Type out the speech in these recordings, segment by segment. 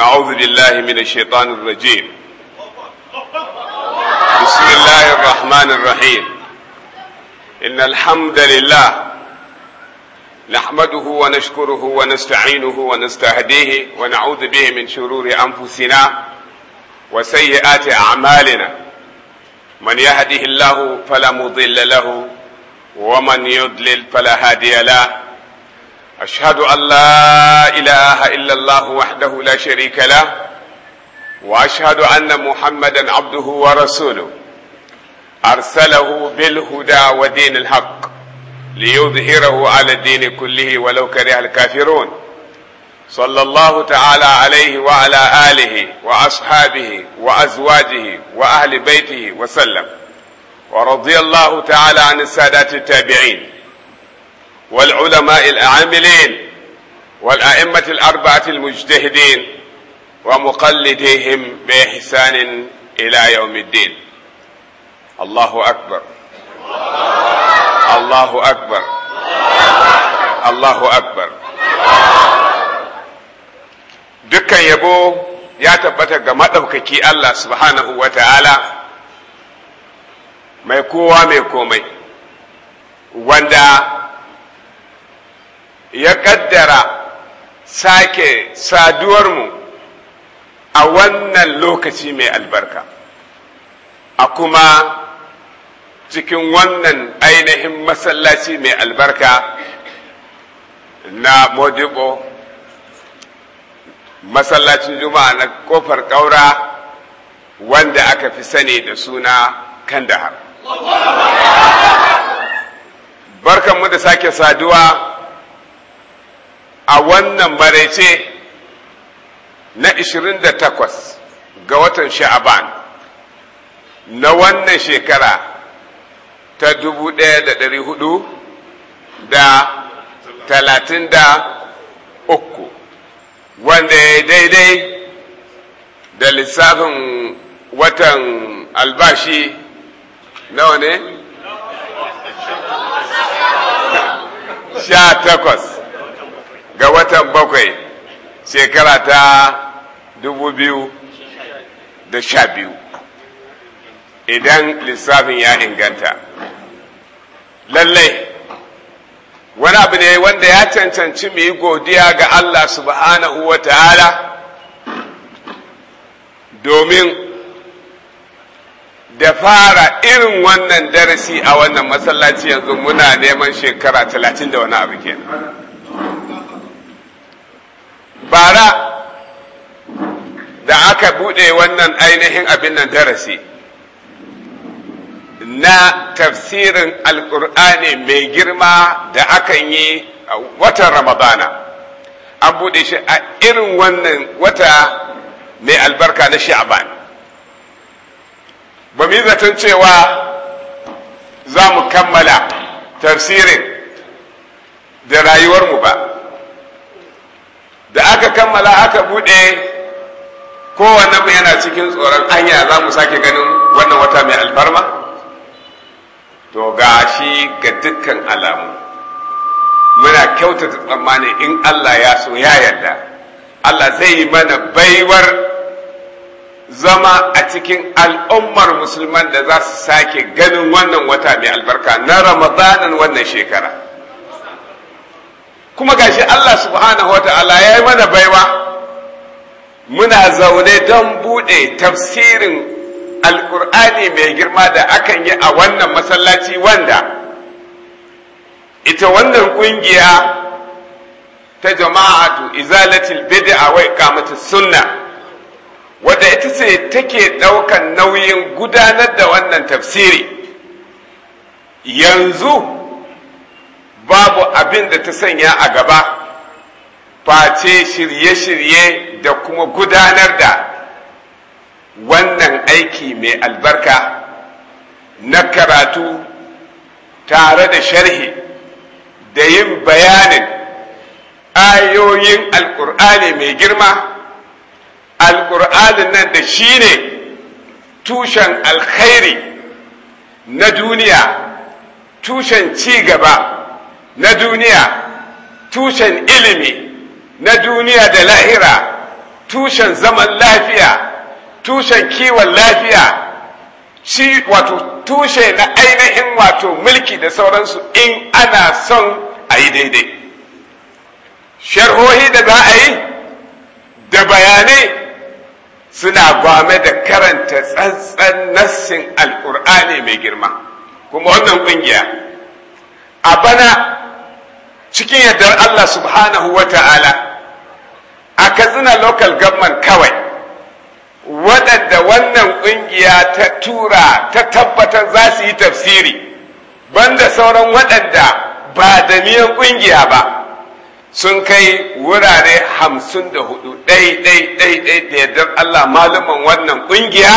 أعوذ بالله من الشيطان الرجيم بسم الله الرحمن الرحيم إن الحمد لله نحمده ونشكره ونستعينه ونستهديه ونعوذ به من شرور أنفسنا وسيئات أعمالنا من يهده الله فلا مضل له ومن يضلل فلا هادي له أشهد أن لا إله إلا الله وحده لا شريك له وأشهد أن محمدا عبده ورسوله أرسله بالهدى ودين الحق ليظهره على الدين كله ولو كره الكافرون صلى الله تعالى عليه وعلى آله وأصحابه وأزواجه وأهل بيته وسلم ورضي الله تعالى عن السادات التابعين والعلماء العاملين والأئمة الأربعة المجتهدين ومقلديهم بإحسان إلى يوم الدين الله أكبر الله أكبر الله أكبر dukkan yabo ya tabbata ga maɗaukaki Allah subhanahu wa ta'ala mai kowa mai komai wanda ya kaddara sake saduwar mu a wannan lokaci mai albarka a kuma cikin wannan ainihin masallaci mai albarka na modibo masallacin juma'a na kofar ƙaura wanda aka fi sani da suna kandahar barkanmu da sake saduwa a wannan maraice na 28 ga watan sha'aban na wannan shekara ta 1400 da da talatin uku, wanda ya daidai da lissafin watan albashi nawa ne? sha takwas ga watan bakwai shekara ta dubu biyu da sha biyu idan lissafin ya inganta lallai wani abu ne wanda ya cancanci mu yi godiya ga Allah subhanahu wa ta'ala domin da fara irin wannan darasi a wannan masallaci yanzu muna neman shekara talatin da wani abu kenan bara da aka bude wannan ainihin abin nan darasi na tafsirin Alƙur'ani mai girma da akan yi a watan ramadana an bude shi a irin wannan wata mai albarka na sha'ban ba mu zaton cewa za mu kammala tafsirin da rayuwarmu ba da aka kammala aka bude kowanne mu yana cikin tsoron anya za mu sake ganin wannan wata mai alfarma to ga shi ga dukkan alamu muna kyautata tsammanin in Allah ya so ya yarda Allah zai yi mana baiwar zama a cikin al'ummar musulman da za su sake ganin wannan wata mai albarka na ramadanin wannan shekara kuma gashi Allah subhanahu Ta'ala ya yi mana baiwa muna zaune don buɗe tafsirin alkur'ani mai girma da akan yi a wannan masallaci wanda ita wannan ƙungiya ta jama'atu izalatul bid'a wa kamata sunna wadda ita ce take ɗaukan nauyin gudanar da wannan tafsiri yanzu babu abin da ta sanya a gaba face shirye-shirye da kuma gudanar da wannan aiki mai albarka na karatu tare da sharhi da yin bayanin ayoyin alkur'ani mai girma alkur'anin nan da shi ne tushen alkhairi na duniya tushen ci gaba na duniya tushen ilimi na duniya da lahira tushen zaman lafiya tushen kiwon lafiya shi wato tushe na ainihin wato mulki da sauransu in ana son a yi daidai sharhohi da za a yi da bayanai suna gwame da karanta tsantsan nassin alkur'ani mai girma kuma wannan kungiya a bana cikin yardar Allah subhanahu wa ta'ala a katsina local government kawai waɗanda wannan ƙungiya ta tura ta tabbatar za su yi tafsiri banda sauran waɗanda ba da miyan ƙungiya ba sun kai wurare hamsin da hudu ɗai-ɗai-ɗai da yardar Allah malumin wannan ƙungiya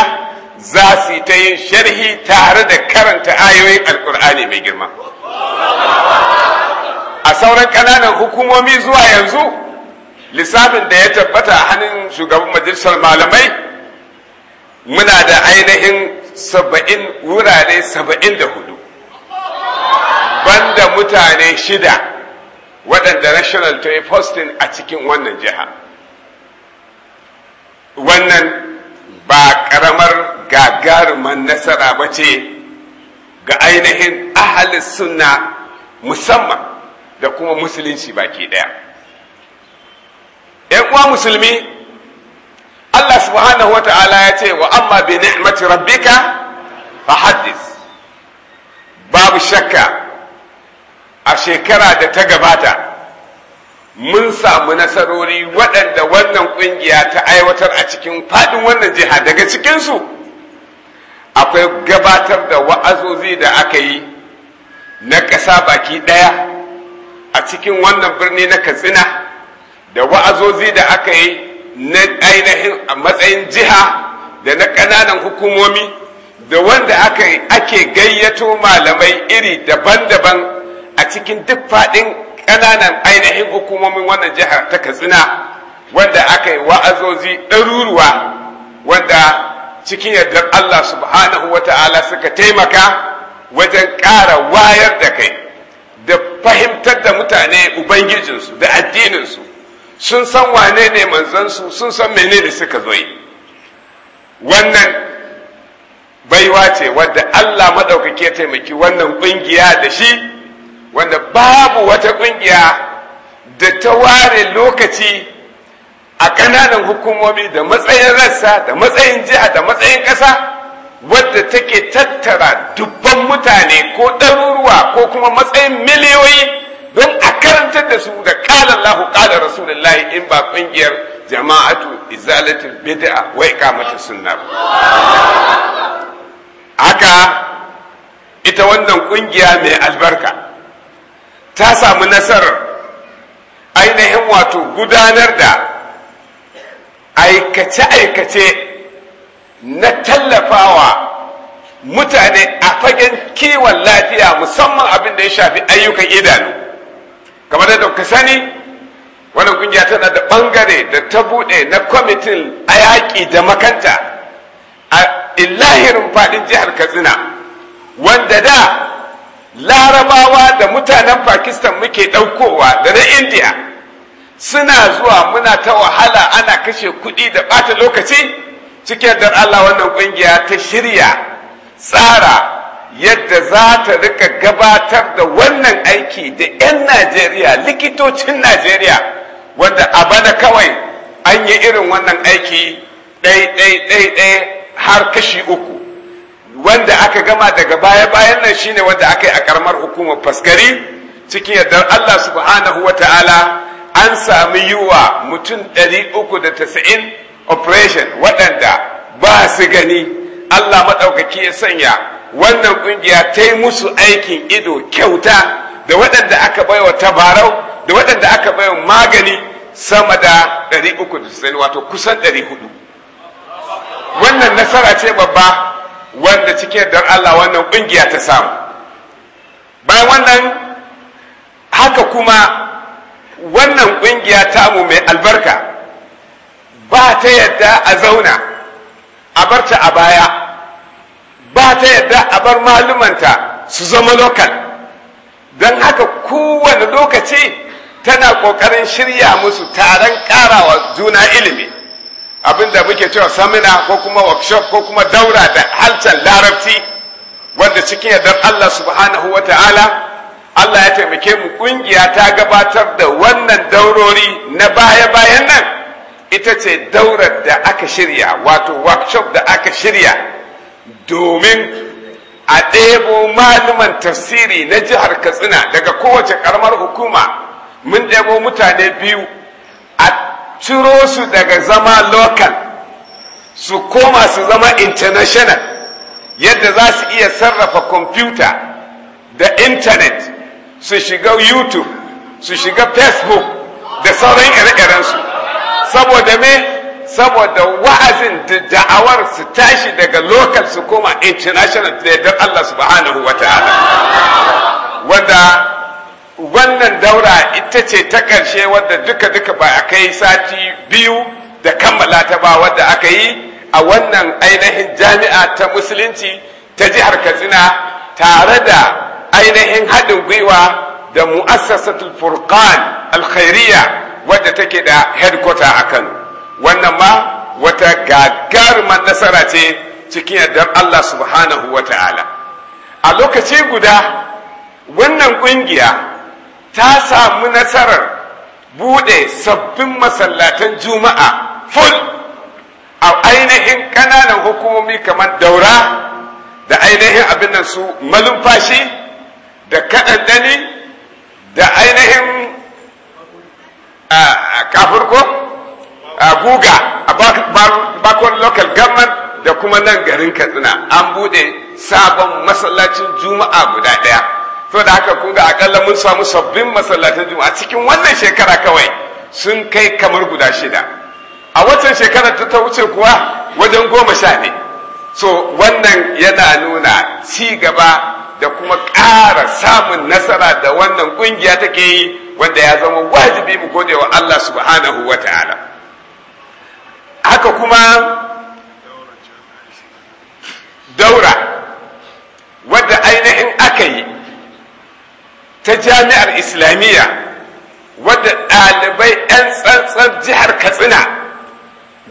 za su yi ta yin sharhi tare da karanta ayoyin Alƙur'ani mai girma a sauran ƙananan hukumomi zuwa yanzu lissafin da ya tabbata a hannun shugaban majalisar malamai muna da ainihin saba'in wurare saba'in da hudu banda mutane shida waɗanda national to posting a cikin wannan jiha wannan ba ƙaramar gagarumar nasara ba ce ga ainihin ahalin suna musamman da kuma musulunci baki ɗaya ‘yan uwa musulmi Allah subhanahu wa ta'ala ya ce wa amma bi ni'mati rabbika fa haddis babu shakka a shekara da ta gabata mun samu nasarori waɗanda wannan ƙungiya ta aiwatar a cikin faɗin wannan jiha daga cikinsu akwai gabatar da wa'azozi da aka yi na ƙasa baki ɗaya a cikin wannan birni na katsina da wa'azozi da aka yi na ainihin a matsayin jiha da na ƙananan hukumomi da wanda aka ake gayyato malamai iri daban-daban a cikin duk faɗin ƙananan ainihin hukumomin wannan jiha ta katsina wanda aka yi wa'azozi ɗaruruwa wanda cikin yardar Allah subhanahu wa ta'ala suka taimaka wajen ƙara wayar da kai fahimtar da mutane ubangijinsu da addininsu sun san wane ne manzansu sun san menene suka zo wannan baiwa ce wadda allah maɗaukaki taimaki wannan ƙungiya da shi wanda babu wata ƙungiya da ta ware lokaci a ƙananan hukumomi da matsayin rassa da matsayin jiha da matsayin ƙasa wadda take tattara dubban mutane ko ɗaruruwa ko kuma matsayin miliyoyi don a karanta da su da ƙala Allahu da Rasulullahi in ba ƙungiyar jama'atu izalatul bid'a wai kamata sunna haka ita wannan ƙungiya mai albarka ta samu nasarar ainihin wato gudanar da aikace-aikace na tallafawa mutane a fagen kiwon lafiya musamman abin da ya shafi ayyukan idanu kamar da ka sani wani kungiya tana da bangare da ta buɗe na kwamitin a yaƙi da makanta a illahirin fadin jihar katsina wanda da larabawa da mutanen pakistan muke ɗaukowa da na indiya suna zuwa muna ta wahala ana kashe kuɗi da ɓata lokaci cikin yadda Allah wannan kungiya ta shirya tsara yadda za ta rika gabatar da wannan aiki da 'yan Najeriya likitocin Najeriya wanda a bana kawai an yi irin wannan aiki ɗai-ɗai-ɗai har kashi uku wanda aka gama daga baya-bayan nan shine wanda aka yi a karamar hukumar faskari cikin yardar Allah subhanahu wa ta'ala an sami yiwa mutum 390 operation waɗanda ba su gani Allah maɗaukaki ya sanya wannan ƙungiya ta yi musu aikin ido kyauta da waɗanda aka baiwa tabarau da waɗanda aka baiwa magani sama da 390 wato kusan 400 wannan nasara ce babba wanda cike don Allah wannan ƙungiya ta samu bayan wannan haka kuma wannan ƙungiya tamu mai albarka ba ta yadda a zauna a barta a baya ba ta yadda a bar malumanta su zama lokal don haka kowane lokaci tana ƙoƙarin shirya musu taron ƙarawa juna ilimi abinda muke cewa samina ko kuma workshop ko kuma daura da halcan larabci wanda cikin yadda Allah subhanahu wa ta'ala Allah ya taimake mu ƙungiya ta gabatar da wannan daurori na baya-bayan nan ita ce daurar da aka shirya wato workshop da aka shirya domin a ɗebo malaman tafsiri na jihar katsina daga kowace karamar hukuma mun ɗebo mutane biyu a ciro su daga zama local su koma su zama international yadda za su iya sarrafa kwamfuta da intanet su shiga youtube su shiga facebook da sauran ire-irensu saboda me saboda wa'azin da da'awar su tashi daga local su koma international da Allah subhanahu wa ta'ala wanda wannan daura ita ce ta ƙarshe wadda duka-duka ba a kai sati biyu da kammala ta ba wadda aka yi a wannan ainihin jami'a ta musulunci ta jihar katsina tare da ainihin haɗin gwiwa da mu'assasatul furqan al-khairiyya wadda take da headquarter a kano wannan ma wata gagarumar nasara ce cikin yardar allah subhanahu wa ta'ala a lokaci guda wannan kungiya ta samu nasarar bude sabbin masallatan juma'a full a ainihin kananan hukumomi kamar daura da ainihin abin nan su malumfashi da kaɗanɗani da ainihin Ah, ah, kafin ko a ah, guga a bakon local government da kuma nan garin katsina an bude sabon masallacin juma'a guda daya to da haka kun ga akalla mun samu sabbin masallacin juma'a cikin wannan shekara kawai sun kai kamar guda shida a watan shekarar ta ta wuce kuwa wajen goma sha ne so wannan yana nuna ci gaba da kuma ƙara samun nasara da wannan ƙungiya take yi wanda ya zama wajibi mu gode wa Allah subhanahu wa ta'ala haka kuma daura wadda ainihin aka yi ta jami'ar islamiyya wadda ɗalibai 'yan tsantsan jihar katsina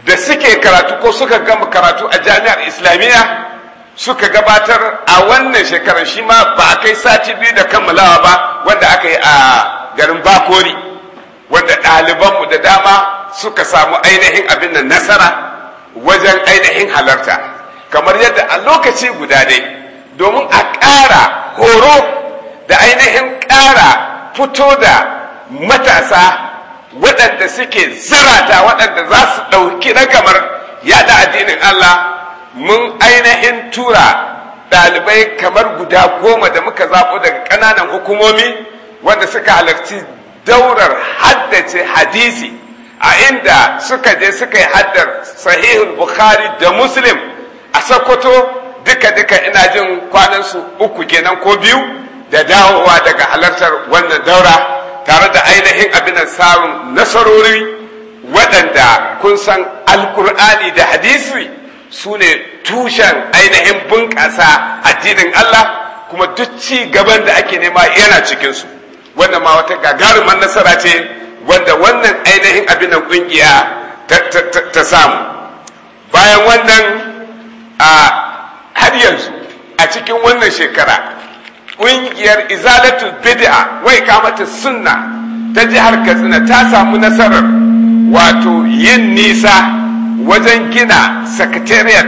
da suke karatu ko suka gama karatu a jami'ar islamiyya suka gabatar a wannan shekarar shi ma ba a kai sati biyu da kammalawa ba wanda aka yi a garin bakori wanda ɗalibanmu da dama suka samu ainihin abin da nasara wajen ainihin halarta kamar yadda a lokaci guda dai domin a ƙara horo da ainihin ƙara fito da matasa waɗanda suke zarata waɗanda za su ɗauki na gamar yada addinin Allah mun ainihin tura dalibai kamar guda goma da muka zaɓo daga ƙananan hukumomi wanda suka halarci daurar haddace hadisi a inda suka je suka yi haddar sahihul bukhari da muslim a sokoto duka-duka ina jin kwanansu uku kenan ko biyu da dawowa daga halartar wannan daura tare da ainihin abin samun nasarori waɗanda kun san alkur'ani da hadisi su ne tushen ainihin bunƙasa addinin Allah kuma duk ci gaban da ake nema yana cikinsu wannan ma wata gagarumar nasara ce wanda wannan ainihin abin da ƙungiya ta samu bayan wannan a har yanzu a cikin wannan shekara ƙungiyar izalatul bid'a wai kamata sunna ta jihar katsina ta samu nasarar wato yin nisa wajen gina secretariat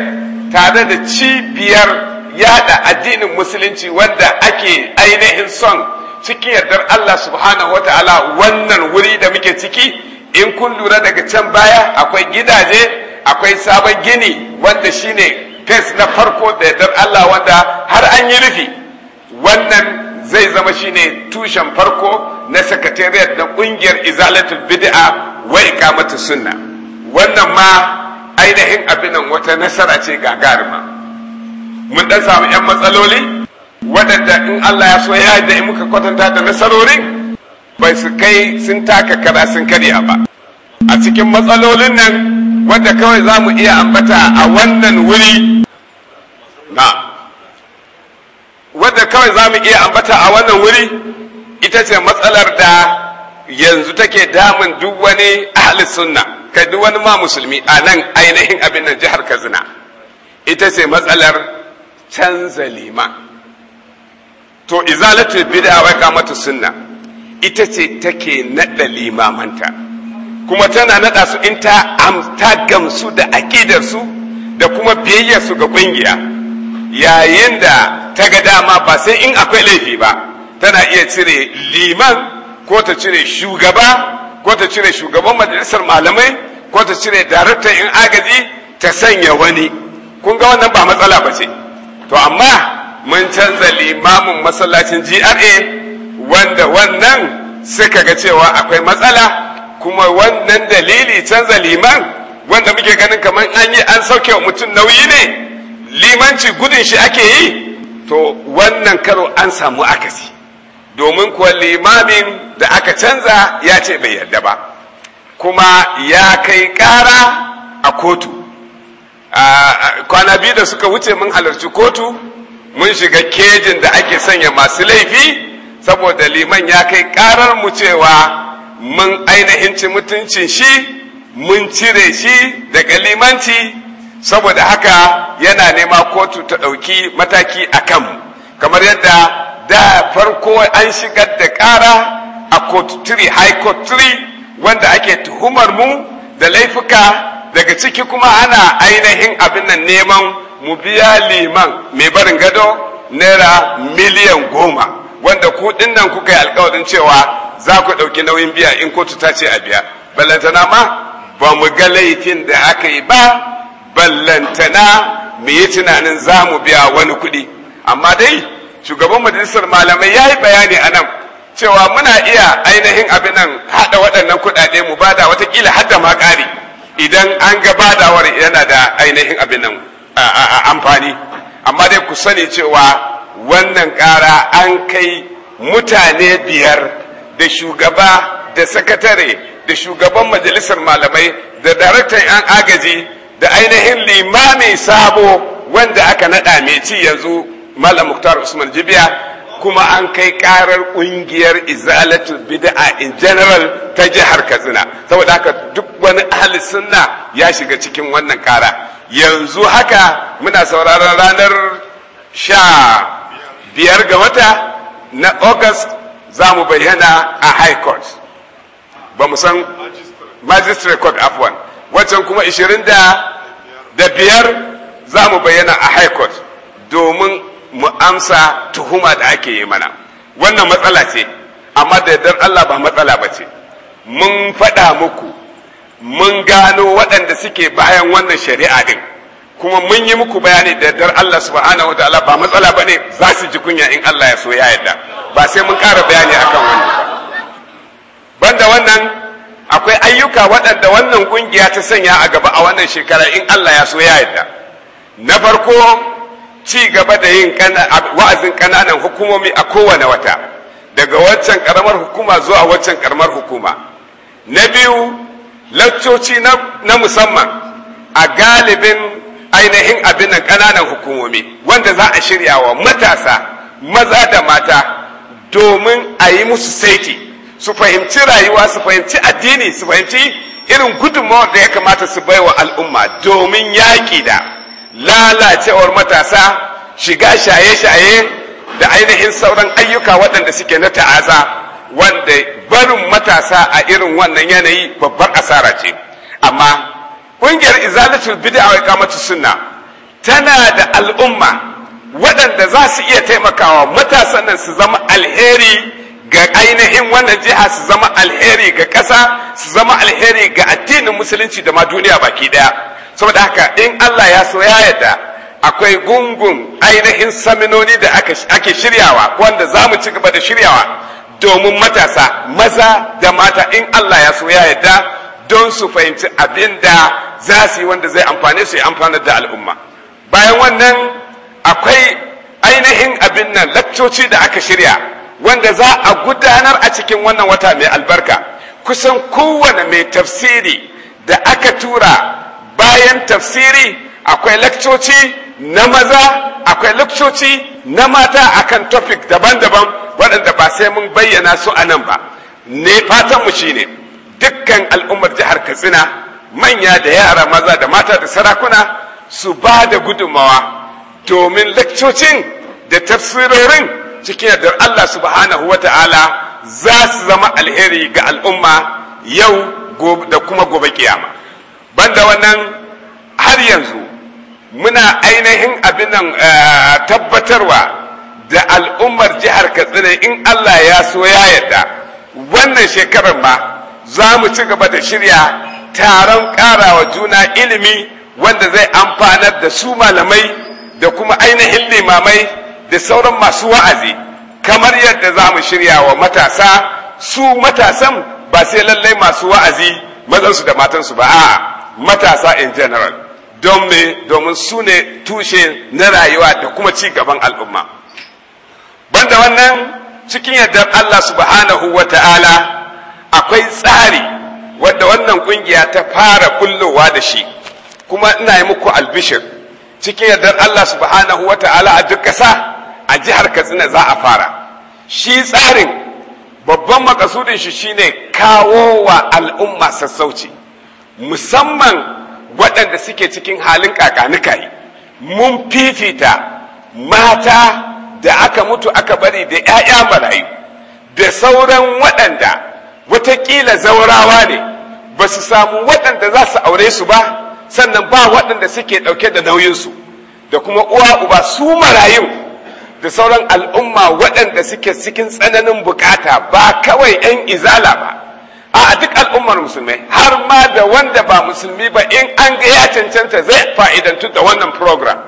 tare da cibiyar yada addinin musulunci wanda ake ainihin son cikin yardar Allah subhanahu wa ta'ala wannan wuri da muke ciki in kun lura daga can baya akwai gidaje akwai sabon gini wanda shine fes na farko da yardar Allah wanda har an yi rufi wannan zai zama shine tushen farko na sakatariyar na kungiyar izalatul bid'a wa mata sunna wannan ma ainihin abinan wata nasara ce garima mun dan samu 'yan matsaloli waɗanda in Allah ya so ya da in muka kwatanta da nasarorin bai su kai sun taka kara sun karya ba a cikin matsalolin nan wadda kawai za mu iya ambata a wannan wuri na wadda kawai za mu iya ambata a wannan wuri ita ce matsalar da yanzu take damun duk wani ahli sunna kai duk wani ma musulmi a nan ainihin abin nan jihar kazina ita ce matsalar canza liman to izalatul bid'a wai kamata sunna ita ce take nada limamanta kuma tana nada su in ta amta gamsu da aqidar da kuma biyayyar su ga kungiya yayin da ta ga dama ba sai in akwai laifi ba tana iya cire liman ko ta cire shugaba ko ta cire shugaban majalisar malamai ko ta cire daraktan in agaji ta sanya wani kun ga wannan ba matsala ba ce to amma mun canza limamin masallacin GRA wanda wannan suka ga cewa akwai matsala kuma wannan dalili canza liman wanda muke ganin kamar an yi an sauke wa mutum nauyi ne limanci gudun shi ake yi to wannan karo an samu akasi domin kuwa limamin da aka canza ya ce bai yarda ba kuma ya kai kara a kotu kwana biyu da suka wuce mun halarci kotu mun shiga kejin da ake sanya masu laifi saboda liman ya kai karar mu cewa mun ainihin ci mutuncin shi mun cire shi daga limanci saboda haka yana nema kotu ta ɗauki mataki a kan kamar yadda da farko an shigar da ƙara a court 3 high court 3 wanda ake tuhumar mu da laifuka daga ciki kuma ana ainihin abin nan neman mu biya liman mai barin gado naira miliyan goma wanda kuɗin nan kuka yi alkawarin cewa za ku ɗauki nauyin biya in kotu ta ce a biya ballantana ma ba mu ga laifin da aka yi ba ballantana mu yi tunanin za mu biya wani kuɗi amma dai shugaban majalisar malamai ya yi bayani a nan cewa muna iya ainihin abin nan haɗa waɗannan kuɗaɗe mu bada watakila hadda ma ƙari idan an ga yana da ainihin abin nan amfani amma dai ku sani cewa wannan ƙara an kai mutane biyar da shugaba da sakatare da shugaban majalisar malamai da daraktan 'yan agaji da ainihin limamin sabo wanda aka naɗa mai ci yanzu malam muktar usman jibiya kuma an kai karar kungiyar izalatu bid'a in general ta jihar katsina saboda haka duk wani ahli sunna ya shiga cikin wannan kara yanzu haka muna sauraron ranar sha biyar ga wata na august za mu bayyana a high court ba mu san magistrate court afwan waccan kuma 20 da biyar za mu bayyana a high court domin mu amsa tuhuma da ake yi mana wannan matsala ce amma da yardar Allah ba matsala ba ce mun faɗa muku mun gano waɗanda suke bayan wannan shari'a din kuma mun yi muku bayani da yardar Allah subhanahu ta'ala ba matsala ba ne za su ji kunya in Allah ya so ya yarda ba sai mun ƙara bayani akan wannan ba banda wannan akwai ayyuka waɗanda wannan ƙungiya ta sanya a gaba a wannan shekara in Allah ya so ya yarda na farko ci gaba da yin wa'azin ƙananan hukumomi a kowane wata daga waccan ƙaramar hukuma zuwa waccan ƙaramar hukuma na biyu laccoci na musamman a galibin ainihin abin ƙananan hukumomi wanda za a shirya wa matasa maza da mata domin a yi musu saiti su fahimci rayuwa su fahimci addini su fahimci irin gudunmawar da ya kamata su baiwa al'umma domin yaƙi da lalacewar matasa shiga shaye-shaye da ainihin sauran ayyuka waɗanda suke na ta'aza wanda barin matasa a irin wannan yanayi babbar asara ce amma ƙungiyar izalatul bid'a wa iqamatus sunna tana da al'umma waɗanda za su iya taimakawa matasan nan su zama alheri ga ainihin wannan jiha su zama alheri ga ƙasa su zama alheri ga addinin musulunci da ma duniya baki ɗaya saboda haka in Allah ya so ya yarda akwai gungun ainihin saminoni da ake shiryawa wanda za mu ci gaba da shiryawa domin matasa maza da mata in Allah ya so ya yarda don su fahimci abin da za su yi wanda zai amfane su yi amfanar da al'umma bayan wannan akwai ainihin abin nan lakcoci da aka shirya wanda za a gudanar a cikin wannan wata mai albarka kusan kowane mai tafsiri da aka tura bayan tafsiri akwai lakcoci na maza akwai lakcoci na mata akan topic daban-daban waɗanda ba sai mun bayyana su a nan ba ne fatanmu shine dukkan al'ummar jihar katsina manya da yara maza da mata da sarakuna su ba da gudunmawa domin lakcocin da tafsirorin cikin yadda Allah subhanahu wa ta'ala za su zama alheri ga al'umma yau da kuma gobe kiyama banda wannan har yanzu muna ainihin abin nan eh, tabbatarwa da al'ummar jihar katsina in allah ya so ya yarda wannan shekarar ma za mu ci gaba da shirya taron karawa juna ilimi wanda zai amfanar da su malamai da kuma ainihin limamai da sauran masu wa'azi kamar yadda za mu shirya wa matasa su matasan ba sai lallai masu wa'azi mazansu da matansu ba a'a matasa in general don me domin su ne tushe na rayuwa da kuma ci gaban al'umma banda wannan cikin yadda Allah subhanahu wa ta'ala akwai tsari wadda wannan kungiya ta fara kullowa da shi kuma ina yi muku albishir cikin yardar Allah subhanahu wa ta'ala a duk ƙasa a jihar Katsina za a fara shi tsarin babban makasudin shi shine kawo wa al'umma sassauci musamman waɗanda suke cikin halin kakanikai mun fifita mata da aka mutu aka bari da 'ya'ya marayu da sauran waɗanda watakila zaurawa ne ba su samu waɗanda za su aure su ba sannan ba waɗanda suke ɗauke da nauyinsu da kuma uwa uba su marayu da sauran al'umma waɗanda suke cikin tsananin bukata ba kawai 'yan izala ba a duk al'ummar musulmi har ma da wanda ba musulmi ba in an ga ya cancanta zai fa'idantu da wannan program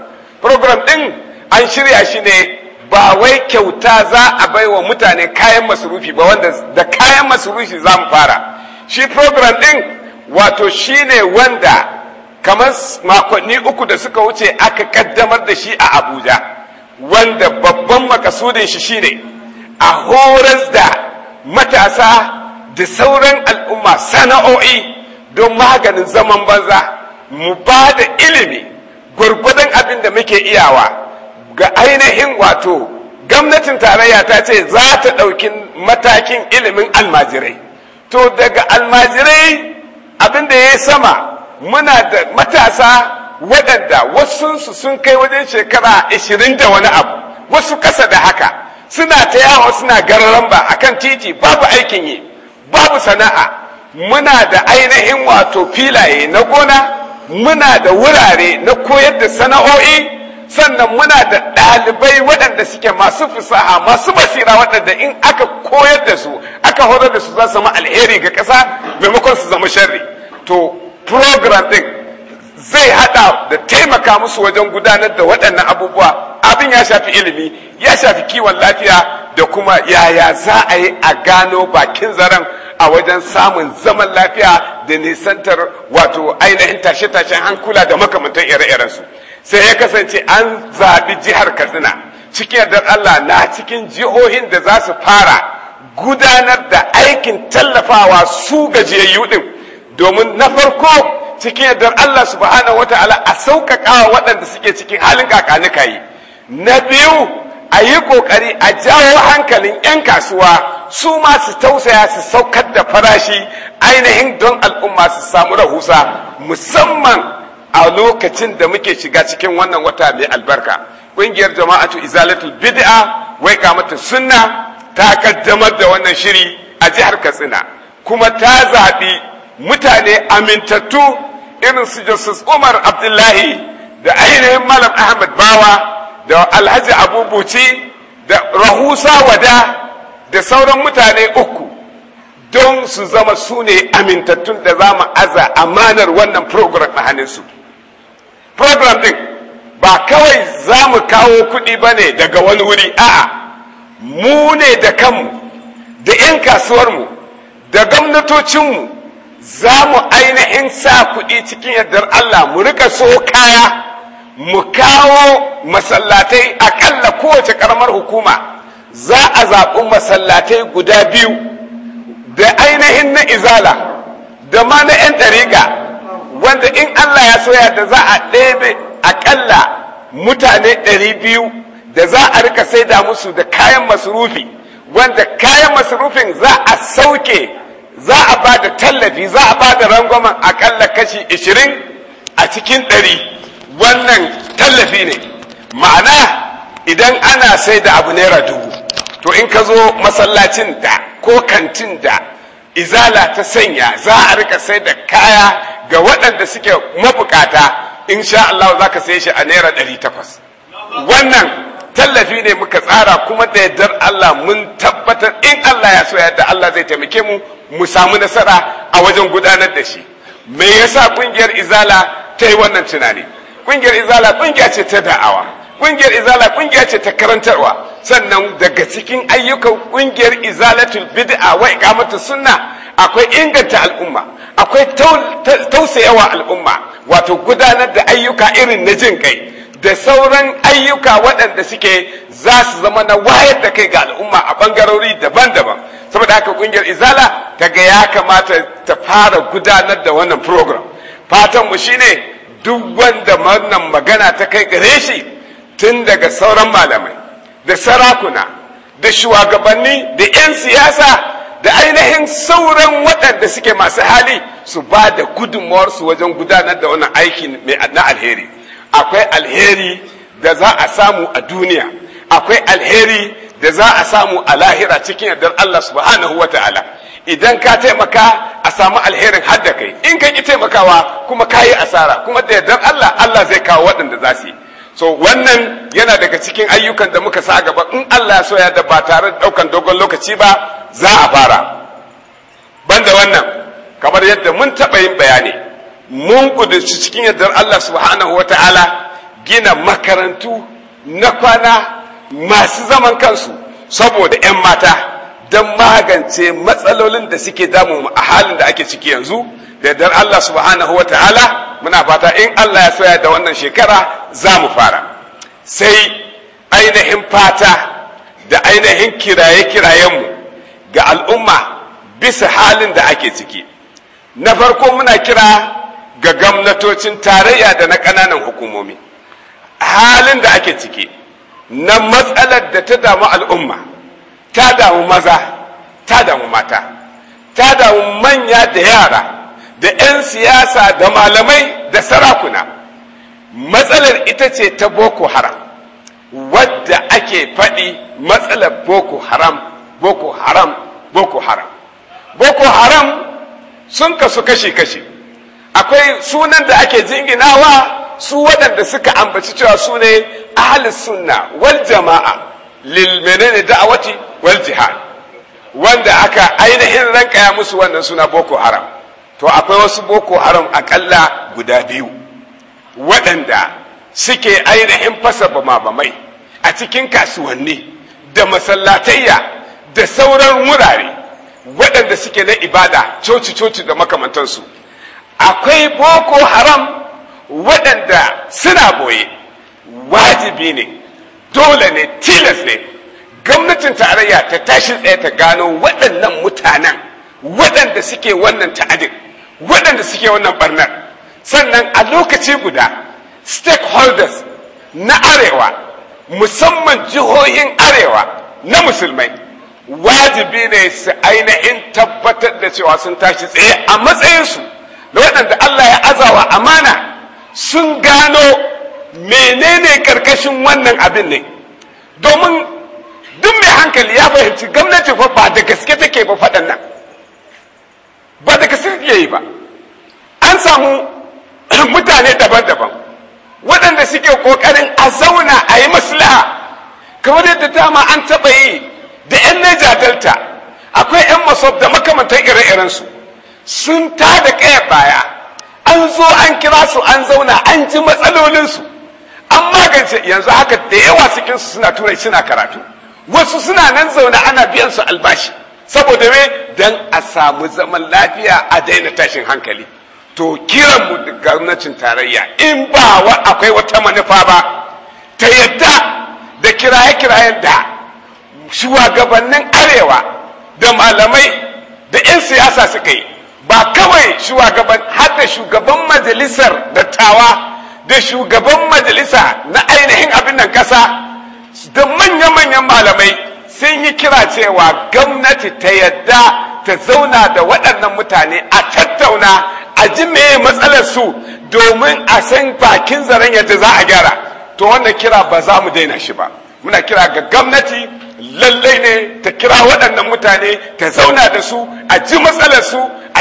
program din an shirya shi ne ba wai kyauta za a bai wa mutane kayan masurufi ba wanda da kayan masurufi za mu fara shi program din wato shi ne wanda kamar makonni uku da suka wuce aka kaddamar da shi a abuja wanda babban makasudin shi shine a horas da matasa da sauran al'umma sana'o'i don maganin zaman banza mu ba da ilimi gwargwadon abin da muke iyawa ga ainihin wato gwamnatin tarayya ta ce za ta ɗauki matakin ilimin almajirai to daga almajirai abin da ya sama muna da matasa waɗanda wasu sun kai wajen shekara ashirin da wani abu wasu kasa da haka suna ta yawa suna gararamba ba kan titi babu aikin yi babu sana'a muna da ainihin wato filaye na gona muna da wurare na koyar da sana'o'i sannan muna da ɗalibai waɗanda suke masu fasaha masu basira waɗanda in aka koyar da su aka horar da su za su zama alheri ga ƙasa maimakon su zama sharri to program ɗin zai haɗa da taimaka musu wajen gudanar da waɗannan abubuwa abin ya shafi ilimi ya shafi kiwon lafiya da kuma yaya za a yi a gano bakin zaren a wajen samun zaman lafiya da nisantar wato ainihin tashe-tashen hankula da makamantan ire-irensu sai ya kasance an zaɓi jihar katsina cikin yardar allah na cikin jihohin da za su fara gudanar da aikin tallafawa su gajiyayyu ɗin domin na farko cikin yardar allah subhanahu wataala a sauƙaƙa waɗanda suke cikin halin kakanika yi na biyu a yi ƙoƙari a jawo hankalin 'yan kasuwa su ma su tausaya su saukar da farashi ainihin don al'umma su samu rahusa musamman a lokacin da muke shiga cikin wannan wata mai albarka ƙungiyar jama'atu izalatul bid'a wai kamata sunna ta kaddamar da wannan shiri a jihar katsina kuma ta zaɓi mutane amintattu irin su umar abdullahi da ainihin malam ahmad bawa da alhaji abubuci da rahusa wada da sauran mutane uku don su zama su ne amintattun da za mu aza amanar wannan program a hannunsu program din ba kawai za mu kawo kuɗi ba ne daga wani wuri a'a mu ne da kanmu da 'yan kasuwarmu da gwamnatocinmu za mu ainihin sa kuɗi cikin yardar Allah mu rika so kaya mu kawo masallatai akalla kowace karamar hukuma za a zaɓi masallatai guda biyu da ainihin na izala da ma na 'yan ɗariƙa wanda in Allah ya soya da za a ɗebe akalla mutane ɗari biyu da za a rika saida musu da kayan masurufi wanda kayan masurufin za a sauke za a ba da tallafi za a ba da rangwamen akalla kashi ishirin a cikin ɗari wannan tallafi ne ma'ana idan ana sai da abu naira dubu to in ka zo masallacin da ko kantin da izala ta sanya za a rika sai da kaya ga waɗanda suke mabukata sha Allah za ka sai shi a naira ɗari takwas wannan tallafi ne muka tsara kuma da yardar Allah mun tabbatar in Allah ya so yadda Allah zai taimake mu mu samu nasara a wajen gudanar da shi me yasa kungiyar izala ta yi wannan tunani ƙungiyar izala ƙungiya ce ta da'awa ƙungiyar izala ƙungiya ce ta karantarwa sannan daga cikin ayyukan ƙungiyar izalatul bid'a wa iqamatu sunna akwai inganta al'umma akwai tausayawa al'umma wato gudanar da ayyuka irin na jin kai da sauran ayyuka waɗanda suke za su zama na wayar da kai ga al'umma a ɓangarori daban-daban saboda haka ƙungiyar izala daga ya kamata ta fara gudanar da wannan program fatanmu shine duk wanda wannan magana ta kai gare shi tun daga sauran malamai da sarakuna da shugabanni da 'yan siyasa da ainihin sauran waɗanda suke masu hali su ba da su wajen gudanar da wannan aiki na alheri akwai alheri da za a samu a duniya akwai alheri da za a samu a lahira cikin yardar Allah subhanahu wa ta'ala idan ka taimaka a samu alherin har kai in ka yi taimakawa kuma ka yi asara kuma da yardar Allah Allah zai kawo waɗanda za su yi so wannan yana daga cikin ayyukan da muka sa gaba in Allah ya so ya da ba tare da ɗaukan dogon lokaci ba za a fara banda wannan kamar yadda mun taɓa yin bayani mun kudurci cikin yardar Allah subhanahu wa ta'ala gina makarantu na kwana masu zaman kansu saboda 'yan mata don magance matsalolin da suke damu a halin da ake ciki yanzu da dar Allah subhanahu wa ta'ala muna fata in Allah ya soya da wannan shekara za mu fara sai ainihin fata da ainihin kiraye-kirayenmu ga al'umma bisa halin da ake ciki na farko muna kira ga gwamnatocin tarayya da na ƙananan hukumomi halin da ake ciki na matsalar da ta damu al'umma ta damu maza ta damu mata ta damu manya da yara da 'yan siyasa da malamai da sarakuna matsalar ita ce ta boko haram wadda ake faɗi matsalar boko haram boko haram boko haram boko haram sun kasu kashi-kashi akwai sunan da ake jinginawa su waɗanda suka ambaci cewa su ne ahalis sunna wal jama'a lil menene da'awati wal jihad wanda aka ainihin rankaya musu wannan suna boko haram to akwai wasu boko haram akalla guda biyu waɗanda suke ainihin fasa bama-bamai a cikin kasuwanni da masallatayya da sauran wurare waɗanda suke na ibada coci-coci da makamantansu akwai boko haram waɗanda suna boye wajibi ne dole ne tilas ne gwamnatin tarayya ta tashi tsaye ta gano waɗannan mutanen waɗanda suke wannan ta'adin waɗanda suke wannan barnar sannan a lokaci guda stakeholders na arewa musamman jihohin arewa na musulmai wajibi ne su ainihin tabbatar da cewa sun tashi tsaye a matsayinsu da waɗanda Allah ya azawa amana sun gano menene karkashin wannan abin ne domin duk mai hankali ya fahimci gwamnati fa ba da gaske take ba faɗan nan ba da gaske take yi ba an samu mutane daban-daban waɗanda suke ƙoƙarin a zauna a yi maslaha kamar yadda dama an taɓa yi da 'yan Niger Delta akwai 'yan masob da makamantan ire-irensu sun ta da ƙaya baya an zo an kira su an zauna an ji matsalolinsu an magance yanzu haka da yawa cikinsu suna turai suna karatu wasu suna nan zaune ana biyan su albashi saboda me dan a samu zaman lafiya a daina tashin hankali to kiran mu da gwamnatin tarayya in ba wa akwai wata manufa ba ta yadda da kiraye-kirayen da shugabannin arewa da malamai da 'yan siyasa suka yi ba kawai shugaban har da shugaban majalisar dattawa da shugaban majalisa na ainihin abin nan kasa da manya-manyan malamai sun yi kira cewa gwamnati ta yadda ta zauna da waɗannan mutane a tattauna a ji meye su domin a san bakin zaren yadda za a gyara to wannan kira ba za mu daina shi ba muna kira ga gwamnati lallai ne ta kira waɗannan mutane ta zauna da su a ji matsalar su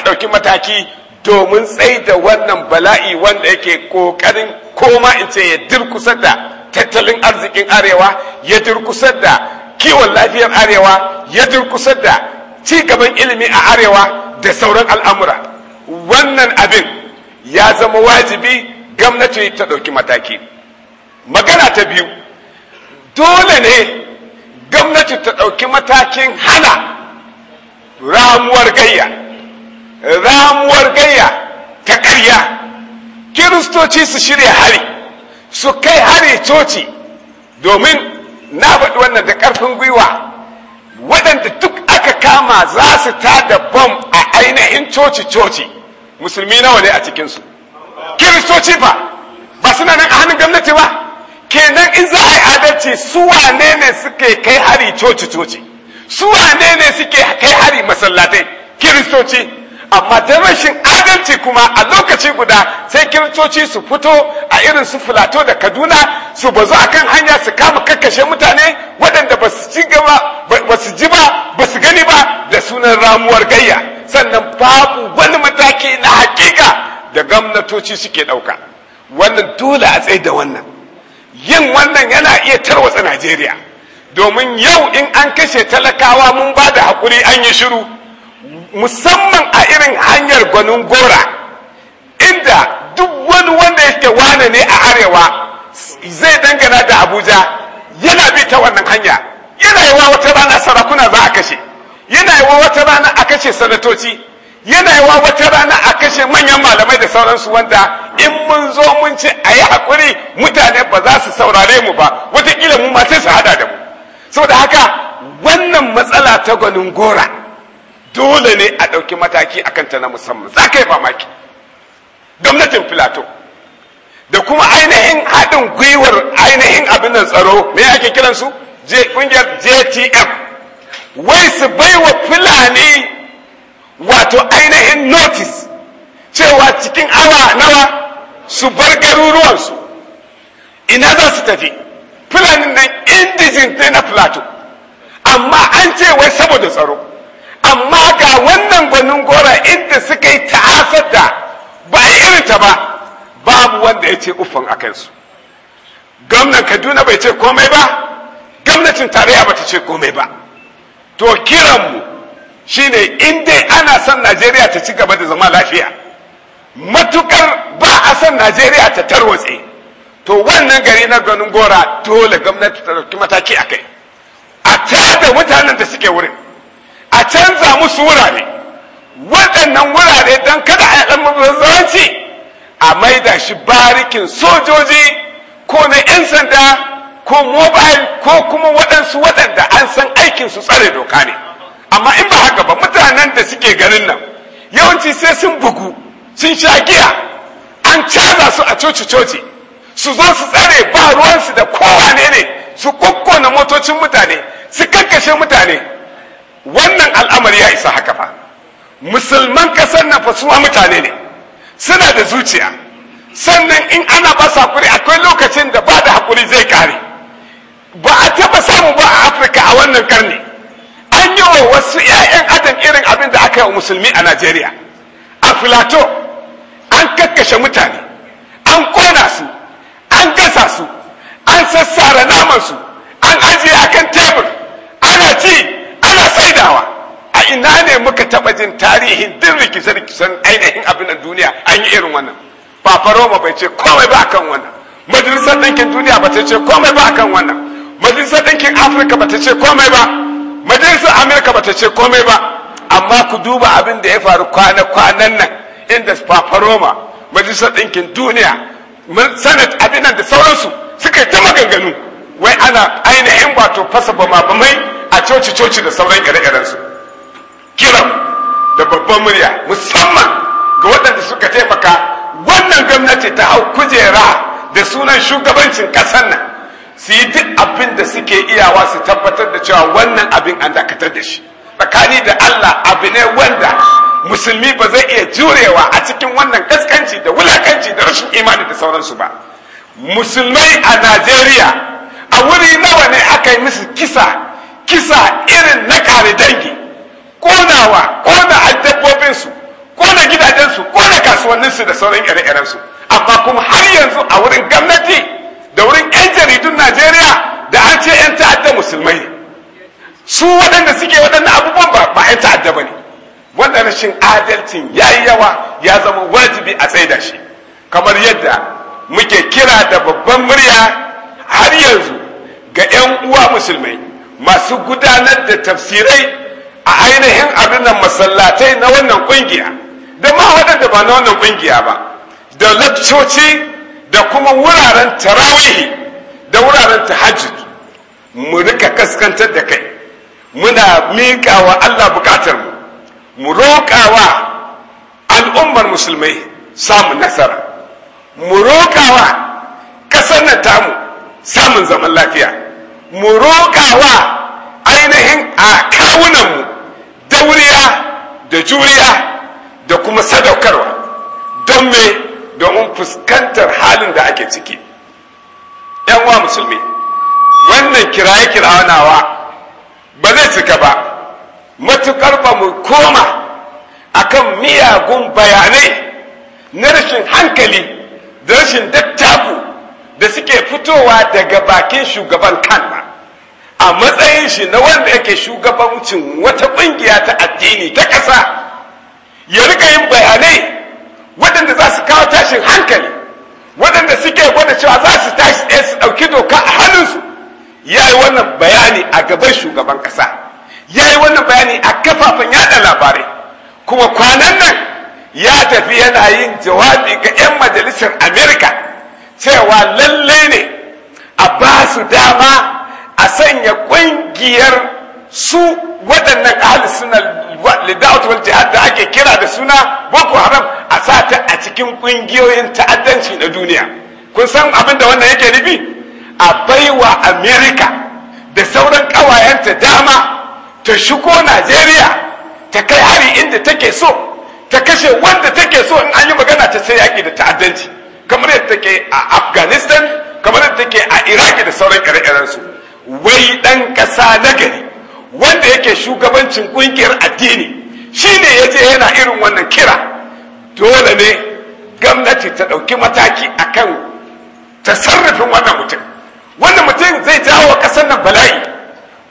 ɗauki mataki domin da wannan bala'i wanda yake ƙoƙarin koma in ce ya durkusar da tattalin arzikin arewa ya durkusar da kiwon lafiyar arewa ya durkusar da ci gaban ilimi a arewa da sauran al'amura wannan abin ya zama wajibi gwamnati ta ɗauki mataki magana ta biyu dole ne gwamnati ta ɗauki matakin hana ramuwar gayya ramuwar gayya ta ƙarya kiristoci su shirya hari su kai hari coci domin na faɗi wannan da ƙarfin gwiwa waɗanda duk aka kama za su tada bom a ainihin coci-coci musulmi nawa ne a cikinsu kiristoci ba ba suna nan a hannun gwamnati ba kenan in za a yi adalci su wane ne suke kai hari coci-coci su wane ne suke kai hari masallatai kiristoci amma ta rashin adalci kuma a lokaci guda sai kiristoci su fito a irin su filato da kaduna su bazu a kan hanya su kama kakkashe mutane waɗanda ba su ji ba ba su gani ba da sunan ramuwar gayya sannan babu wani mataki na hakika da gwamnatoci suke ɗauka wannan dole a tsaye da wannan yin wannan yana iya tarwatsa najeriya domin yau in an kashe talakawa mun ba da haƙuri an yi shiru musamman a irin hanyar gwanin gora inda duk wani wanda yake wane ne a arewa zai dangana da abuja yana bi ta wannan hanya yana yi wa wata rana sarakuna za a kashe yana yi wa wata rana a kashe sanatoci yana yi wa wata rana a kashe manyan malamai da sauransu wanda in mun zo mun ce a yi haƙuri mutane ba za su saurare mu ba watakila mu ma sai su hada da mu saboda haka wannan matsala ta gwanin gora dole ne a ɗauki mataki a kanta na musamman za ka yi mamaki gwamnatin filato da kuma ainihin haɗin gwiwar ainihin abin nan tsaro me ake kiransu ƙungiyar jtf wai su bai wa fulani wato ainihin notis cewa cikin awa nawa su bar garuruwansu ina za su tafi fulani nan indijin ne na filato amma an ce wai saboda tsaro amma ga wannan gwanin gora inda suka yi ta'asar da ba irin ta ba babu wanda ya ce uffan a kansu gwamnan kaduna bai ce komai ba gwamnatin tarayya ba ta ce komai ba to kiranmu shine in dai ana son najeriya ta ci gaba da zama lafiya matukar ba a son najeriya ta tarwatse to wannan gari na ganin gora dole gwamnati ta dauki mataki a kai a tada mutanen da suke wurin a canza musu wurare waɗannan wurare don kada a yaɗan mabazaranci a da shi barikin sojoji ko na 'yan sanda ko mobile ko kuma waɗansu waɗanda an san aikin su tsare doka ne amma in ba haka ba mutanen da suke ganin nan yawanci sai sun bugu sun sha giya an canza su a coci-coci su zo su tsare ba ruwansu da kowane ne su na motocin mutane su kankashe mutane wannan al'amari ya isa haka fa musulman kasar na fasuwa mutane ne suna da zuciya sannan in ana ba su hakuri akwai lokacin da ba da hakuri zai kare ba a taba samu ba a afirka a wannan karni an yi wa wasu 'ya'yan adam irin abin da aka yi wa musulmi a najeriya a filato an kakkashe mutane an kona su an gasa su an sassara naman su an ajiye akan tebur ina ne muka taɓa jin tarihin din rikice-rikicen ainihin abin da duniya an yi irin wannan papa roma bai ce komai ba kan wannan majalisar ɗinkin duniya ba ta ce komai ba kan wannan majalisar ɗinkin afirka ba ta ce komai ba majalisar amurka ba ta ce komai ba amma ku duba abin da ya faru kwana-kwanan nan inda papa roma majalisar ɗinkin duniya sanat abin nan da sauransu suka yi ta maganganu wai ana ainihin wato fasa bama bamai a coci-coci da sauran ire-irensu kiran da babban murya musamman ga waɗanda suka taimaka wannan gwamnati ta hau kujera da sunan shugabancin ƙasar nan su yi duk abin da suke iyawa su tabbatar da cewa wannan abin an dakatar da shi tsakani da Allah abu ne wanda musulmi ba zai iya jurewa a cikin wannan kaskanci da wulakanci da rashin imani da sauransu ba musulmai a Najeriya a wuri nawa ne aka yi musu kisa kisa irin na kare dangi konawa kona ko da gidajensu kona kasuwanninsu da sauran ire-irensu amma kuma har yanzu a wurin gwamnati da wurin 'yan jaridun najeriya da an ce 'yan ta'adda musulmai su waɗanda suke waɗannan abubuwan ba ba 'yan ta'adda ba ne wannan rashin adalcin ya yi yawa ya zama wajibi a tsaida shi kamar yadda muke kira da babban murya har yanzu ga 'yan uwa musulmai masu gudanar da tafsirai a ainihin abin nan masallatai na wannan kungiya da ma waɗanda ba na wannan kungiya ba da lakcoci da kuma wuraren tarawihi da wuraren tahajjud mu rika kaskantar da kai muna miƙa wa Allah bukatar mu mu roƙa wa al'ummar musulmai samun nasara mu roƙa wa ƙasar nan tamu samun zaman lafiya mu roƙa wa ainihin a kawunan mu. dauriya da juriya da kuma sadaukarwa don me domin fuskantar halin da ake ciki ‘yan wa musulmi wannan kiraye kirawa ba zai cika ba matuƙar ba mu koma akan miyagun bayanai na rashin hankali da rashin dattaku da suke fitowa daga bakin shugaban kan a matsayin shi na wanda yake shugabancin wata ƙungiya ta addini ta ƙasa ya rika yin bayanai waɗanda za su kawo tashin hankali waɗanda suke gwada cewa za su tashi ɗaya su ɗauki doka a hannunsu ya yi wannan bayani a gaban shugaban ƙasa ya yi wannan bayani a kafafen yada labarai kuma kwanan nan ya tafi yana yin jawabi ga 'yan majalisar amerika cewa lallai ne a ba su dama a sanya ƙungiyar su waɗannan suna lidawat wal jihad da ake kira da suna boko haram a sata a cikin ƙungiyoyin ta'addanci na duniya kun san abin da wannan yake nufi a baiwa america da sauran ƙawayenta dama ta shigo najeriya ta kai hari inda take so ta kashe wanda take so in an yi magana ta sai yaƙi da ta'addanci kamar yadda take a afghanistan kamar yadda take a iraki da sauran ƙare wai ɗan ƙasa na gari wanda yake shugabancin ƙungiyar addini shi ne ya je yana irin wannan kira dole ne gwamnati ta ɗauki mataki akan tasarrufin wannan mutum wannan mutum zai jawo ƙasar nan bala'i